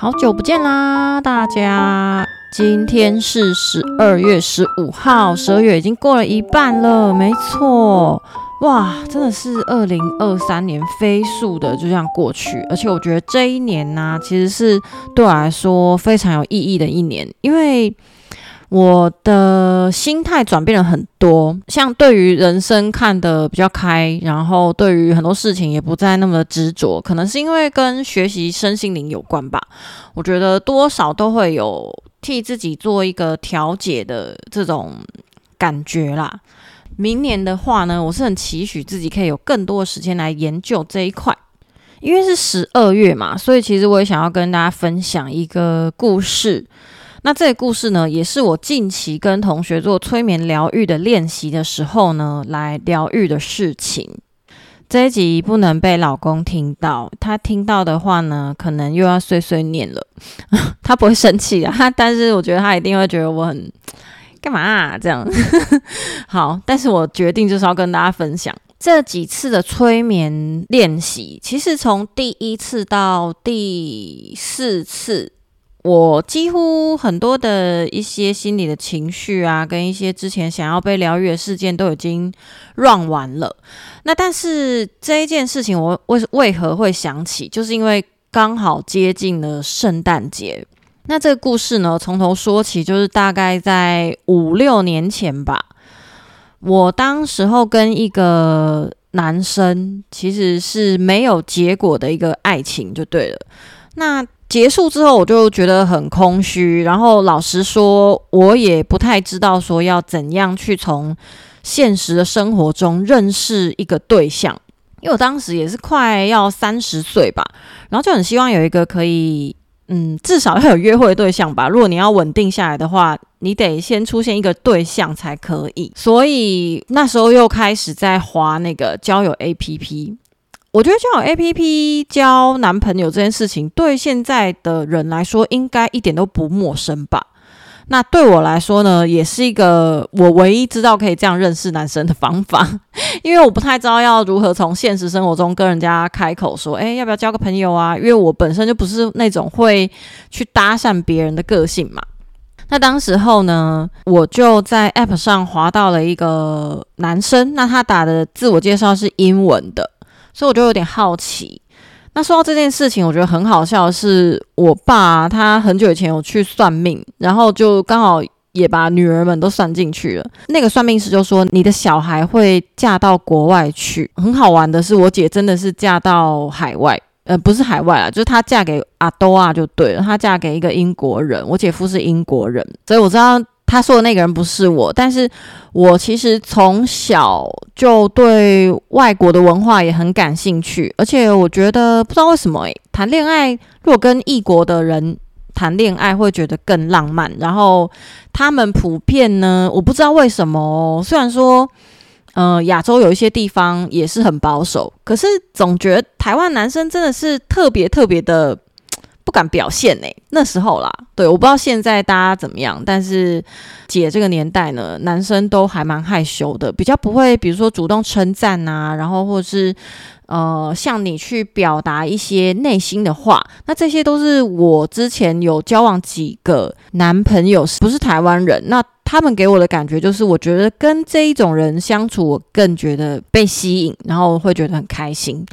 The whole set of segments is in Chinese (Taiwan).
好久不見啦，大家！今天是十二月十五號，十二月已經過了一半了，沒錯，哇，真的是二零二三年飛速的就這樣過去。而且我覺得這一年呢、啊，其實是對我來說非常有意義的一年，因為，我的心態轉變了很多，像對於人生看得比較開，然後對於很多事情也不再那麼執着，可能是因為跟學習身心靈有關吧。我覺得多少都會有替自己做一個調節的這種感覺啦。明年的話呢，我是很期許自己可以有更多的時間來研究這一塊，因為是十二月嘛，所以其實我也想要跟大家分享一個故事。那這個故事呢，也是我近期跟同學做催眠療癒的練習的時候呢，來療癒的事情。這一集不能被老公聽到，他聽到的話呢，可能又要碎碎念了。呵呵，他不會生氣啊，但是我覺得他一定會覺得我很幹嘛，啊，這樣。 好，但是我決定就是要跟大家分享這幾次的催眠練習。其實從第一次到第四次。我幾乎很多的一些心理的情緒啊，跟一些之前想要被療愈的事件都已經 run 完了。那但是這一件事情，我為為何會想起，就是因為剛好接近了聖誕節。那這個故事呢，從頭說起，就是大概在五六年前吧。我當時候跟一個男生，其實是沒有結果的一個愛情，就對了。那結束之後，我就覺得很空虛。然後老實說，我也不太知道說要怎樣去從現實的生活中認識一個對象。因為我當時也是快要三十歲吧，然後就很希望有一個可以，嗯，至少要有約會的對象吧。如果你要穩定下來的話，你得先出現一個對象才可以。所以那時候又開始在劃那個交友 APP。我覺得像 APP 交男朋友這件事情，對現在的人來說應該一點都不陌生吧？那對我來說呢，也是一個我唯一知道可以這樣認識男生的方法，因為我不太知道要如何從現實生活中跟人家開口說，哎，要不要交個朋友啊？因為我本身就不是那種會去搭訕別人的個性嘛。那當時候呢，我就在 APP 上滑到了一個男生，那他打的自我介紹是英文的。所以我就有點好奇。那說到這件事情，我覺得很好笑的是，是我爸他很久以前有去算命，然後就剛好也把女兒們都算進去了。那個算命師就說：“你的小孩會嫁到國外去。”很好玩的是，我姐真的是嫁到海外，呃，不是海外啊，就是她嫁給阿多啊，就對了，她嫁給一個英國人。我姐夫是英國人，所以我知道。他說的那個人不是我，但是我其實從小就對外國的文化也很感興趣，而且我覺得不知道為什麼欸，談戀愛如果跟異國的人談戀愛，會覺得更浪漫。然後他們普遍呢，我不知道為什麼哦，雖然說，呃，亞洲有一些地方也是很保守，可是總覺得台灣男生真的是特別特別的。不敢表現呢，那時候啦，對，我不知道現在大家怎麼樣，但是姐這個年代呢，男生都還蠻害羞的，比較不會，比如說主動稱讚啊，然後或者是呃向你去表達一些內心的話，那這些都是我之前有交往幾個男朋友，不是台灣人，那他們給我的感覺就是，我覺得跟這一種人相處，我更覺得被吸引，然後會覺得很開心，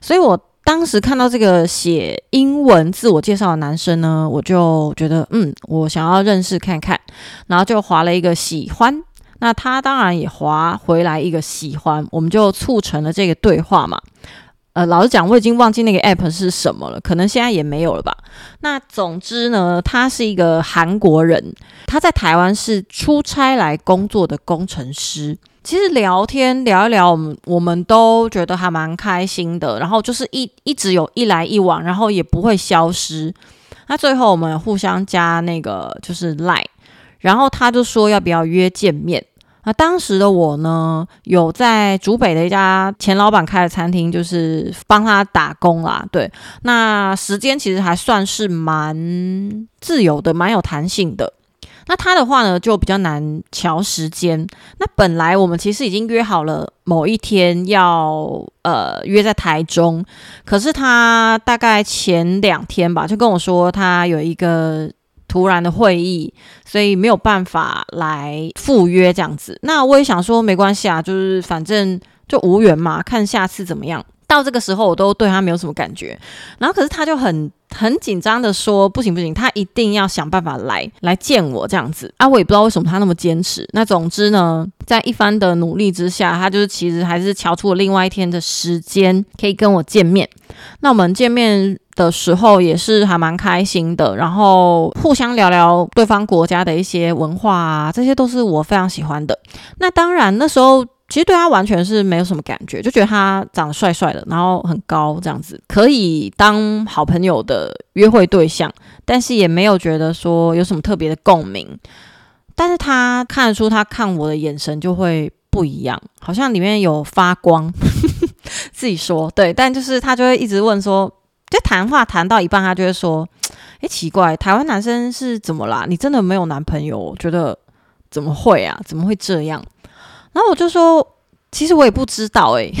所以我。當時看到這個寫英文自我介紹的男生呢，我就覺得，嗯，我想要認識看看，然後就劃了一個喜歡。那他當然也劃回來一個喜歡，我們就促成了這個對話嘛。呃，老實講，我已經忘記那個 app 是什麼了，可能現在也沒有了吧。那總之呢，他是一個韓國人，他在台灣是出差來工作的工程師。其實聊天聊一聊，我們我們都覺得還蠻開心的。然後就是一一直有一來一往，然後也不會消失。那最後我們互相加那個就是 Line，然後他就說要不要約見面。那當時的我呢，有在竹北的一家前老闆開的餐廳，就是幫他打工啦、啊。對，那時間其實還算是蠻自由的，蠻有彈性的。那他的話呢，就比較難喬時間。那本來我們其實已經約好了某一天要呃約在台中，可是他大概前兩天吧，就跟我說他有一個突然的會議，所以沒有辦法來赴約這樣子。那我也想說沒關係啊，就是反正就無緣嘛，看下次怎麼樣。到這個時候，我都對他沒有什麼感覺。然後，可是他就很很緊張的說：“不行，不行，他一定要想辦法來來見我這樣子。”啊，我也不知道為什麼他那麼堅持。那總之呢，在一番的努力之下，他就是其實還是敲出了另外一天的時間可以跟我見面。那我們見面的時候也是還蠻開心的，然後互相聊聊對方國家的一些文化啊，這些都是我非常喜歡的。那當然，那時候。其實對他完全是沒有什麼感覺，就覺得他長得帥帥的，然後很高這樣子，可以當好朋友的約會對象，但是也沒有覺得說有什麼特別的共鳴。但是他看得出，他看我的眼神就會不一樣，好像裡面有發光。 自己說對，但就是他就會一直問說，就談話談到一半，他就會說：“誒，奇怪，台灣男生是怎麼啦？你真的沒有男朋友？我覺得怎麼會啊？怎麼會這樣？”然後我就說，其實我也不知道誒，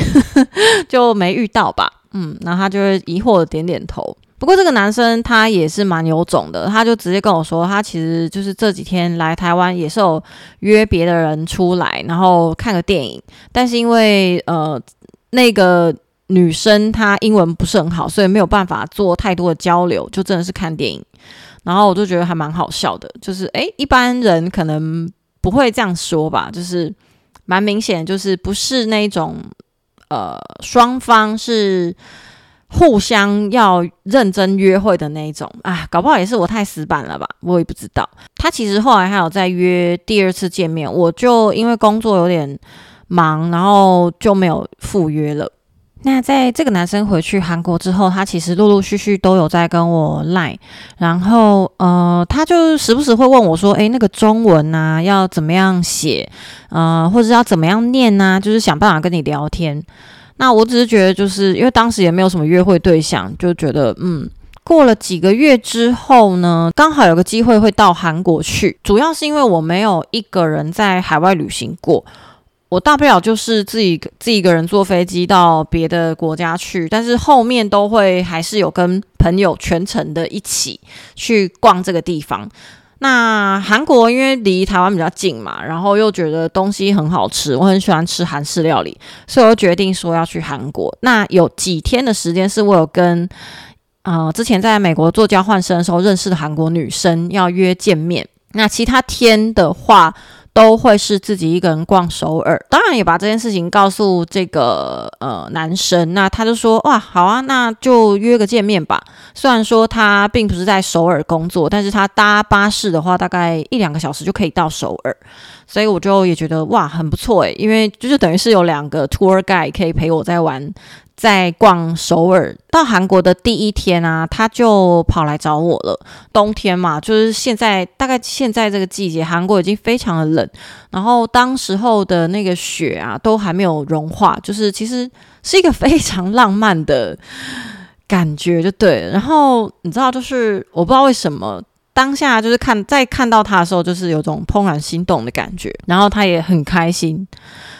就沒遇到吧。嗯，然後他就會疑惑地點點頭。不過這個男生他也是蠻有種的，他就直接跟我說，他其實就是這幾天來台灣也是有約別的人出來，然後看個電影。但是因為呃那個女生她英文不是很好，所以沒有辦法做太多的交流，就真的是看電影。然後我就覺得還蠻好笑的，就是誒，一般人可能不會這樣說吧，就是。蠻明顯，就是不是那種，呃，雙方是互相要認真約會的那一種。啊，搞不好也是我太死板了吧，我也不知道。他其實後來還有再約第二次見面，我就因為工作有點忙，然後就沒有赴約了。那在這個男生回去韓國之後，他其實陸陸續續都有在跟我賴，然後呃，他就時不時會問我說：“誒，那個中文啊，要怎麼樣寫？呃，或者要怎麼樣念呢、啊？就是想辦法跟你聊天。”那我只是覺得，就是因為當時也沒有什麼約會對象，就覺得嗯，過了幾個月之後呢，剛好有個機會會到韓國去，主要是因為我沒有一個人在海外旅行過。我大不了就是自己自己一個人坐飛機到別的國家去，但是後面都會還是有跟朋友全程的一起去逛這個地方。那韓國因為離台灣比較近嘛，然後又覺得東西很好吃，我很喜歡吃韓式料理，所以我決定說要去韓國。那有幾天的時間是我有跟呃之前在美國做交換生的時候認識的韓國女生要約見面。那其他天的話，都會是自己一個人逛首爾，當然也把這件事情告訴這個呃男生，啊，那他就說哇好啊，那就約個見面吧。雖然說他並不是在首爾工作，但是他搭巴士的話，大概一兩個小時就可以到首爾，所以我就也覺得哇很不錯誒！因為就是等於是有兩個 tour guide 可以陪我在玩。在逛首爾到韓國的第一天啊，他就跑來找我了。冬天嘛，就是現在大概現在這個季節，韓國已經非常的冷，然後當時候的那個雪啊都還沒有融化，就是其實是一個非常浪漫的感覺，就對。然後你知道，就是我不知道為什麼當下就是看在看到他的時候，就是有種怦然心動的感覺。然後他也很開心。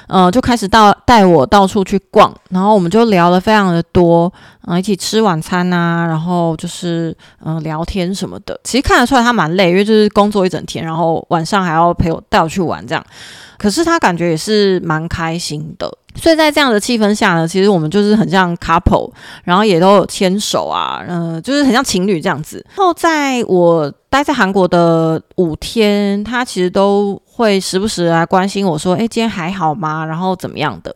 嗯、呃，就開始到帶我到處去逛，然後我們就聊了非常的多，嗯、呃，一起吃晚餐啊，然後就是嗯、呃，聊天什麼的。其實看得出來他蠻累，因為就是工作一整天，然後晚上還要陪我帶我去玩這樣。可是他感覺也是蠻開心的，所以在這樣的氣氛下呢，其實我們就是很像 couple，然後也都有牽手啊，嗯、呃，就是很像情侶這樣子。然後在我待在韓國的五天，他其實都會時不時來關心我說：“哎，今天還好嗎？然後怎麼樣的？”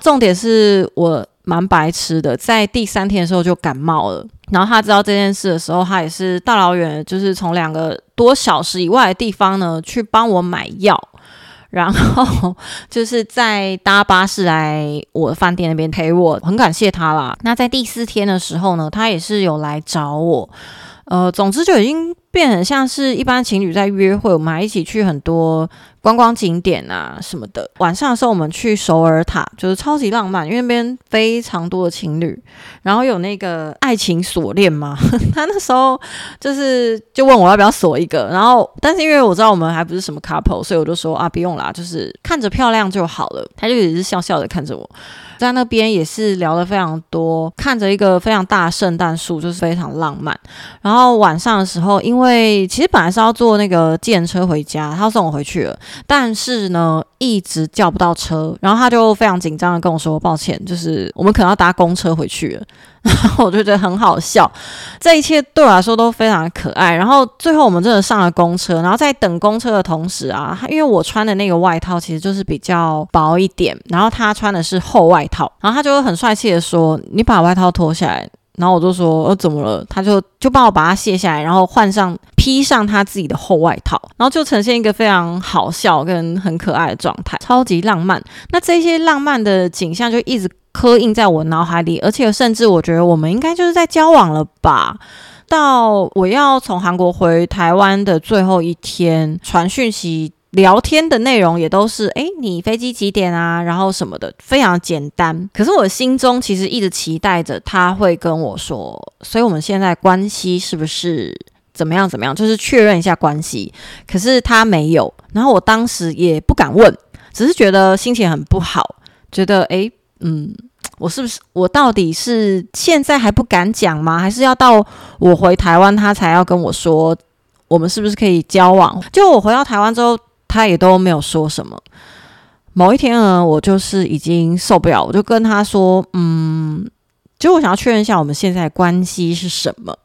重點是我蠻白痴的，在第三天的時候就感冒了，然後他知道這件事的時候，他也是大老遠就是從兩個多小時以外的地方呢去幫我買藥。然後就是在搭巴士來我飯店那邊陪我，很感謝他啦。那在第四天的時候呢，他也是有來找我，呃，總之就已經。變得像很是一般情侶在約會，我們還一起去很多觀光景點啊什麼的。晚上的時候，我們去首爾塔，就是超級浪漫，因為那邊非常多的情侶。然後有那個愛情鎖鏈嘛， 他那時候就是就問我要不要鎖一個，然後但是因為我知道我們還不是什麼 couple，所以我就說啊，不用啦，就是看着漂亮就好了。他就一直笑笑的看着我。在那邊也是聊得非常多，看着一個非常大聖誕樹，就是非常浪漫。然後晚上的時候，因為其實本來是要坐那個計程車回家，他送我回去了，但是呢一直叫不到車，然後他就非常緊張的跟我說：“抱歉，就是我們可能要搭公車回去了。”然後 我就覺得很好笑，這一切對我來說都非常的可愛。然後最後我們真的上了公車，然後在等公車的同時啊，因為我穿的那個外套其實就是比較薄一點，然後他穿的是厚外套，然後他就很帥氣的說：“你把外套脫下來。”然後我就說：“哦、呃，怎麼了？”他就就幫我把它卸下來，然後換上披上他自己的厚外套，然後就呈現一個非常好笑跟很可愛的狀態，超級浪漫。那這些浪漫的景象就一直，刻印在我腦海裡，而且甚至我覺得我們應該就是在交往了吧。到我要從韓國回台灣的最後一天，傳訊息、聊天的內容也都是“哎，你飛機幾點啊？”然後什麼的，非常簡單。可是我的心中其實一直期待着他會跟我說，所以我們現在關係是不是怎麼樣怎麼樣？就是確認一下關係。可是他沒有，然後我當時也不敢問，只是覺得心情很不好，覺得哎。誒嗯，我是不是我到底是現在還不敢講嗎？還是要到我回台灣他才要跟我說，我們是不是可以交往？就我回到台灣之後，他也都沒有說什麼。某一天呢，我就是已經受不了，我就跟他說：“嗯，就我想要確認一下我們現在的關係是什麼。”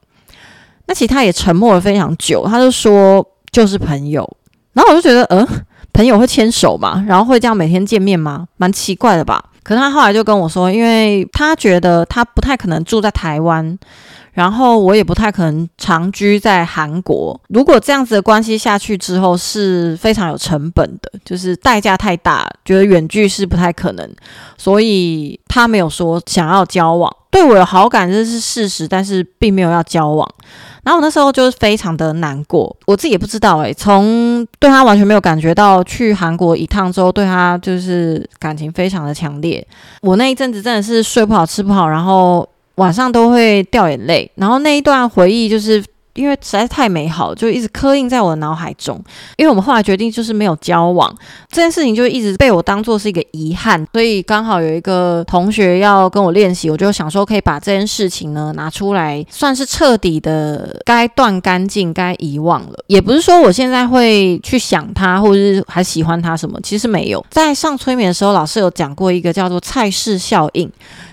那其實他也沉默了非常久，他就說：“就是朋友。”然後我就覺得，嗯，朋友會牽手嗎？然後會這樣每天見面嗎？蠻奇怪的吧。可是他後來就跟我說，因為他覺得他不太可能住在台灣，然後我也不太可能長居在韓國。如果這樣子的關係下去之後是非常有成本的，就是代價太大，覺得遠距是不太可能，所以他沒有說想要交往，對我有好感這是事實，但是並沒有要交往。然後我那時候就是非常的難過，我自己也不知道誒、欸，從對他完全沒有感覺到，去韓國一趟之後，對他就是感情非常的強烈。我那一陣子真的是睡不好、吃不好，然後晚上都會掉眼淚。然後那一段回憶就是。因為實在是太美好，就一直刻印在我的腦海中。因為我們後來決定就是沒有交往這件事情，就一直被我當做是一個遺憾。所以剛好有一個同學要跟我練習，我就想說可以把這件事情呢拿出來，算是徹底的該斷乾淨、該遺忘了。也不是說我現在會去想他，或者是還喜歡他什麼，其實沒有。在上催眠的時候，老師有講過一個叫做“蔡氏效應”。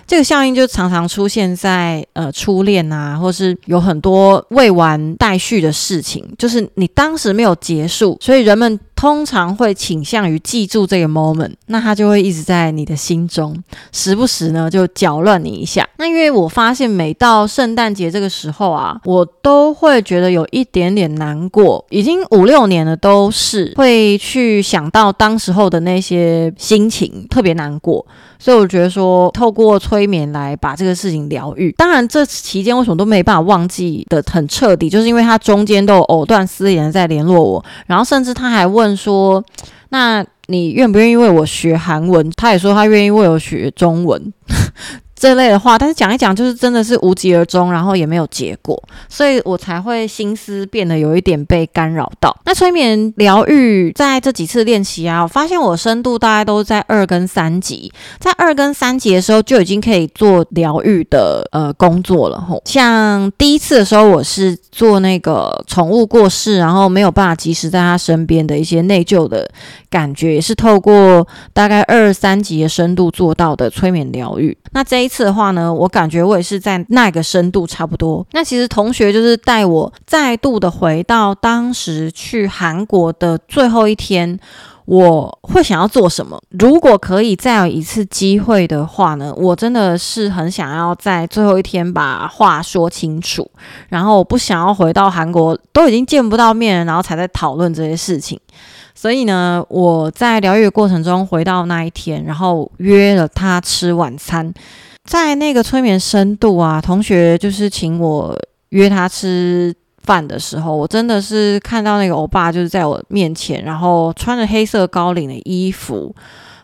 這個效應就常常出現在呃初戀啊，或是有很多未完待續的事情，就是你當時沒有結束，所以人們通常會傾向於記住這個 moment，那它就會一直在你的心中，時不時呢就攪亂你一下。那因為我發現每到聖誕節這個時候啊，我都會覺得有一點點難過，已經五六年了，都是會去想到當時候的那些心情，特別難過。所以我覺得說，透過催眠來把這個事情療癒，當然這期間為什麼都沒辦法忘記的很徹底，就是因為他中間都有藕斷絲連在聯絡我，然後甚至他還問說，那你願不願意為我學韓文？他也說他願意為我學中文。 這類的話，但是講一講就是真的是無疾而終，然後也沒有結果，所以我才會心思變得有一點被干擾到。那催眠療癒在這幾次練習啊，我發現我深度大概都是在二跟三級，在二跟三級的時候就已經可以做療癒的呃工作了吼。像第一次的時候，我是做那個寵物過世，然後沒有辦法及時在他身邊的一些內疚的感覺，也是透過大概二三級的深度做到的催眠療癒。那這一次的話呢，我感覺我也是在那個深度差不多。那其實同學就是帶我再度的回到當時去韓國的最後一天，我會想要做什麼？如果可以再有一次機會的話呢，我真的是很想要在最後一天把話說清楚，然後我不想要回到韓國都已經見不到面，然後才在討論這些事情。所以呢，我在療癒的過程中回到那一天，然後約了他吃晚餐。在那個催眠深度啊，同學就是請我約他吃飯的時候，我真的是看到那個歐巴就是在我面前，然後穿着黑色高領的衣服，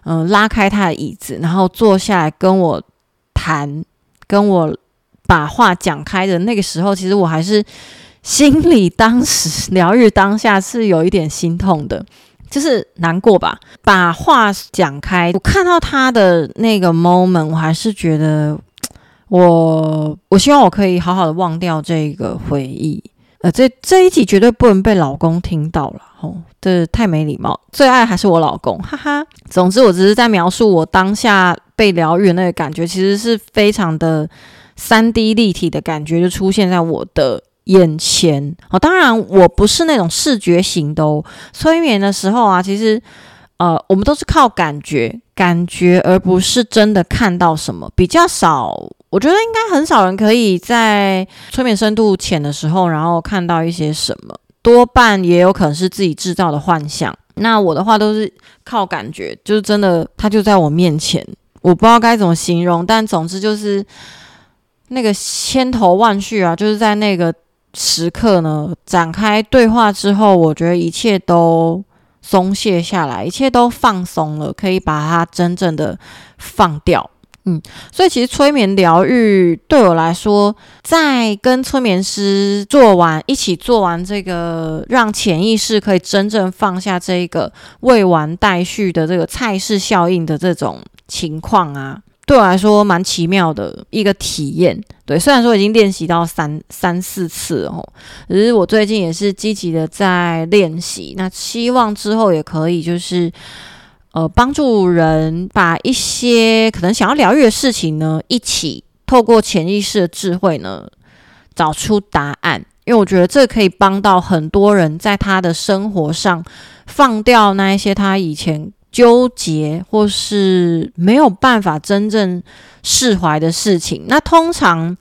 嗯，拉開他的椅子，然後坐下來跟我談，跟我把話講開的那個時候，其實我還是心裡當時療癒當下是有一點心痛的。就是難過吧，把話講開。我看到他的那個 moment，我還是覺得，我，我希望我可以好好的忘掉這個回憶。呃，這這一集絕對不能被老公聽到了，哦，這、就是、太沒禮貌。最愛還是我老公，哈哈。總之，我只是在描述我當下被療癒的那個感覺，其實是非常的三 D 立體的感覺，就出現在我的。眼前哦，當然我不是那種視覺型的哦。催眠的時候啊，其實呃，我們都是靠感覺，感覺而不是真的看到什麼。比較少，我覺得應該很少人可以在催眠深度淺的時候，然後看到一些什麼。多半也有可能是自己制造的幻象。那我的話都是靠感覺，就是真的，它就在我面前，我不知道該怎麼形容，但總之就是那個千頭萬緒啊，就是在那個。時刻呢，展開對話之後，我覺得一切都鬆懈下來，一切都放鬆了，可以把它真正的放掉。嗯，所以其實催眠療癒對我來說，在跟催眠師做完一起做完這個，讓潛意識可以真正放下這一個未完待續的這個蔡氏效應的這種情況啊。對我來說蠻奇妙的一個體驗，對，雖然說已經練習到三三四次了哦，可是我最近也是積極的在練習，那希望之後也可以就是呃幫助人把一些可能想要療癒的事情呢，一起透過潛意識的智慧呢找出答案，因為我覺得這可以幫到很多人在他的生活上放掉那一些他以前糾結或是沒有辦法真正釋懷的事情，那通常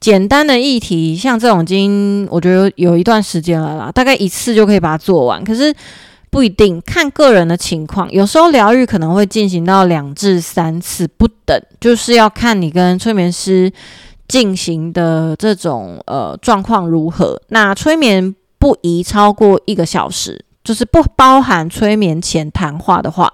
簡單的議題，像這種已經我覺得有一段時間了啦，大概一次就可以把它做完，可是不一定，看個人的情況，有時候療癒可能會進行到兩至三次不等，就是要看你跟催眠師進行的這種，呃，狀況如何。那催眠不宜超過一個小時。就是不包含催眠前談話的話，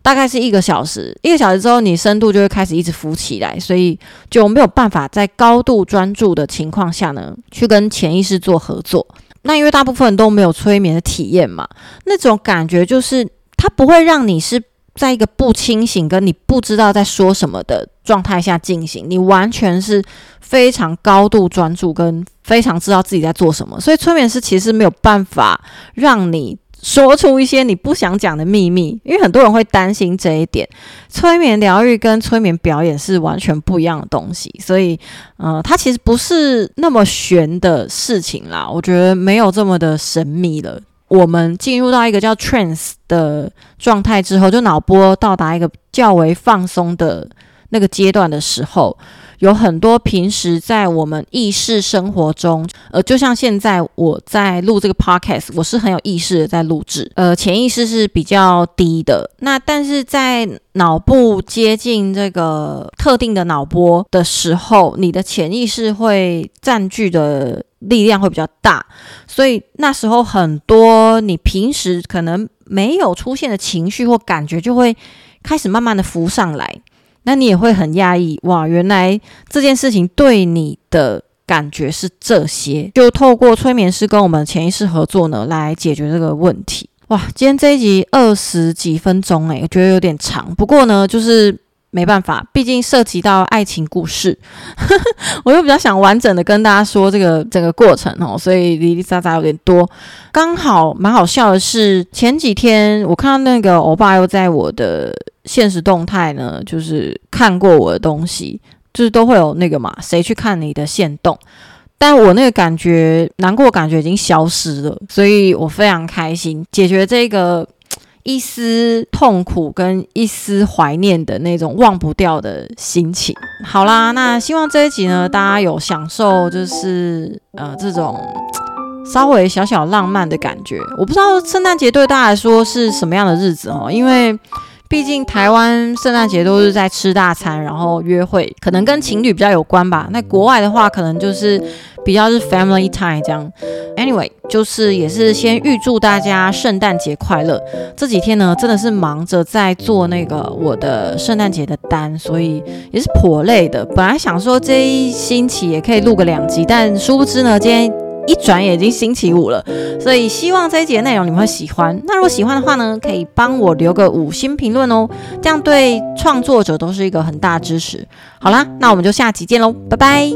大概是一個小時。一個小時之後，你深度就會開始一直浮起來，所以就沒有辦法在高度專注的情況下呢，去跟潛意識做合作。那因為大部分人都沒有催眠的體驗嘛，那種感覺就是它不會讓你是在一個不清醒、跟你不知道在說什麼的狀態下進行。你完全是非常高度專注，跟非常知道自己在做什麼。所以催眠師其實沒有辦法讓你。說出一些你不想講的秘密，因為很多人會擔心這一點。催眠療癒跟催眠表演是完全不一樣的東西，所以，呃，它其實不是那麼玄的事情啦。我覺得沒有這麼的神秘了。我們進入到一個叫 trance 的狀態之後，就腦波到達一個較為放鬆的那個階段的時候。有很多平時在我們意識生活中，呃，就像現在我在錄這個 podcast，我是很有意識的在錄製，呃，潛意識是比較低的。那但是在腦部接近這個特定的腦波的時候，你的潛意識會占據的力量會比較大，所以那時候很多你平時可能沒有出現的情緒或感覺，就會開始慢慢的浮上來。那你也會很壓抑哇！原來這件事情對你的感覺是這些，就透過催眠師跟我們的潛意識合作呢，來解決這個問題哇！今天這一集二十幾分鐘誒，我覺得有點長，不過呢，就是沒辦法，畢竟涉及到愛情故事，呵呵，我又比較想完整的跟大家說這個整個過程哦，所以零零雜雜有點多。剛好蠻好笑的是，前幾天我看到那個歐巴又在我的。現實動態呢，就是看過我的東西，就是都會有那個嘛，誰去看你的現動？但我那個感覺，難過感覺已經消失了，所以我非常開心，解決這個一絲痛苦跟一絲懷念的那種忘不掉的心情。好啦，那希望這一集呢，大家有享受，就是呃，這種稍微小小浪漫的感覺。我不知道聖誕節對大家來說是什麼樣的日子哦，因為。畢竟台灣聖誕節都是在吃大餐，然後約會，可能跟情侶比較有關吧。那國外的話，可能就是比較是 family time 這樣。Anyway，就是也是先預祝大家聖誕節快樂。這幾天呢，真的是忙着在做那個我的聖誕節的單，所以也是頗累的。本來想說這一星期也可以錄個兩集，但殊不知呢，今天。一轉眼已經星期五了，所以希望這一節內容你們會喜歡。那如果喜歡的話呢，可以幫我留個五星評論哦，這樣對創作者都是一個很大支持。好啦，那我們就下期見嘍，拜拜。